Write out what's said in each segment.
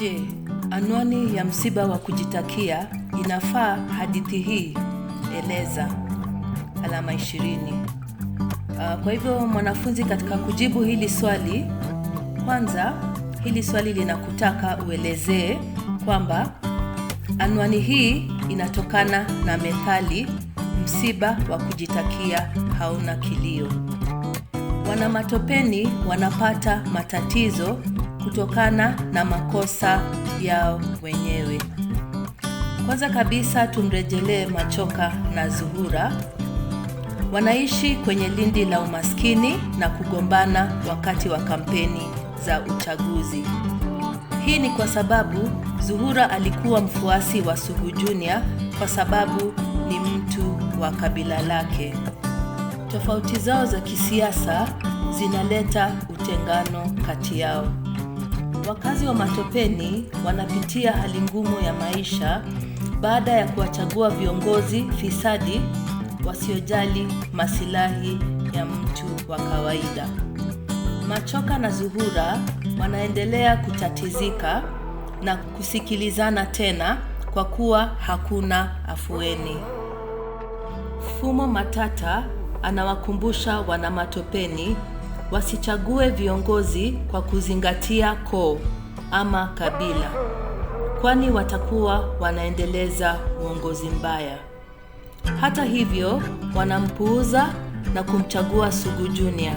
Je, anwani ya msiba wa kujitakia inafaa hadithi hii? Eleza alama 20 ah, Kwa hivyo mwanafunzi, katika kujibu hili swali, kwanza hili swali linakutaka uelezee kwamba anwani hii inatokana na methali msiba wa kujitakia hauna kilio. Wanamatopeni wanapata matatizo kutokana na makosa yao wenyewe. Kwanza kabisa tumrejelee Machoka na Zuhura. Wanaishi kwenye lindi la umaskini na kugombana wakati wa kampeni za uchaguzi. Hii ni kwa sababu Zuhura alikuwa mfuasi wa Sugu Junior kwa sababu ni mtu wa kabila lake. Tofauti zao za kisiasa zinaleta utengano kati yao. Wakazi wa Matopeni wanapitia hali ngumu ya maisha baada ya kuwachagua viongozi fisadi wasiojali masilahi ya mtu wa kawaida. Machoka na Zuhura wanaendelea kutatizika na kusikilizana tena kwa kuwa hakuna afueni. Fumo Matata anawakumbusha wana Matopeni wasichague viongozi kwa kuzingatia koo ama kabila, kwani watakuwa wanaendeleza uongozi mbaya. Hata hivyo, wanampuuza na kumchagua Sugu Junior.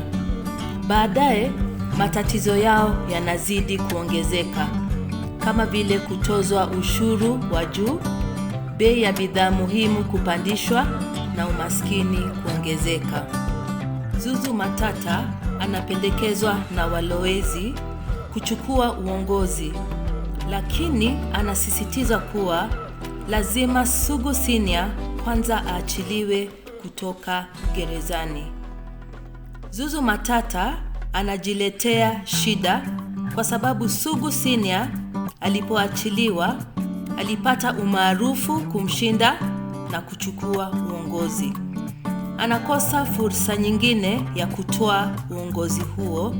Baadaye matatizo yao yanazidi kuongezeka kama vile kutozwa ushuru wa juu, bei ya bidhaa muhimu kupandishwa na umaskini kuongezeka. Zuzu Matata anapendekezwa na walowezi kuchukua uongozi, lakini anasisitiza kuwa lazima Sugu Sinia kwanza aachiliwe kutoka gerezani. Zuzu Matata anajiletea shida kwa sababu Sugu Sinia alipoachiliwa alipata umaarufu kumshinda na kuchukua uongozi anakosa fursa nyingine ya kutoa uongozi huo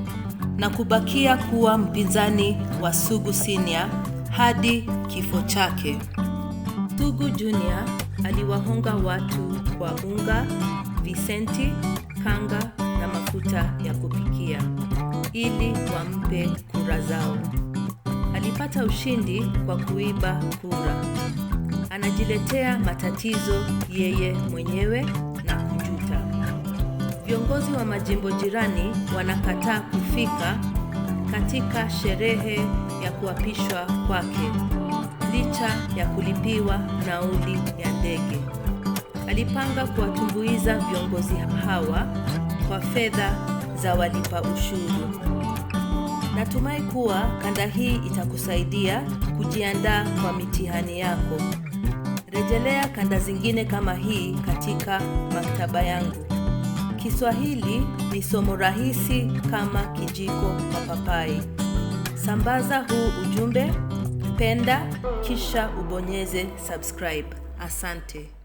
na kubakia kuwa mpinzani wa Sugu Senior hadi kifo chake. Sugu Junior aliwahonga watu kwa unga, visenti, kanga na mafuta ya kupikia ili wampe kura zao. Alipata ushindi kwa kuiba kura. Anajiletea matatizo yeye mwenyewe Viongozi wa majimbo jirani wanakataa kufika katika sherehe ya kuapishwa kwake licha ya kulipiwa nauli ya ndege. Alipanga kuwatumbuiza viongozi hawa kwa fedha za walipa ushuru. Natumai kuwa kanda hii itakusaidia kujiandaa kwa mitihani yako. Rejelea kanda zingine kama hii katika maktaba yangu. Kiswahili ni somo rahisi kama kijiko kwa papai. Sambaza huu ujumbe, penda kisha ubonyeze subscribe. Asante.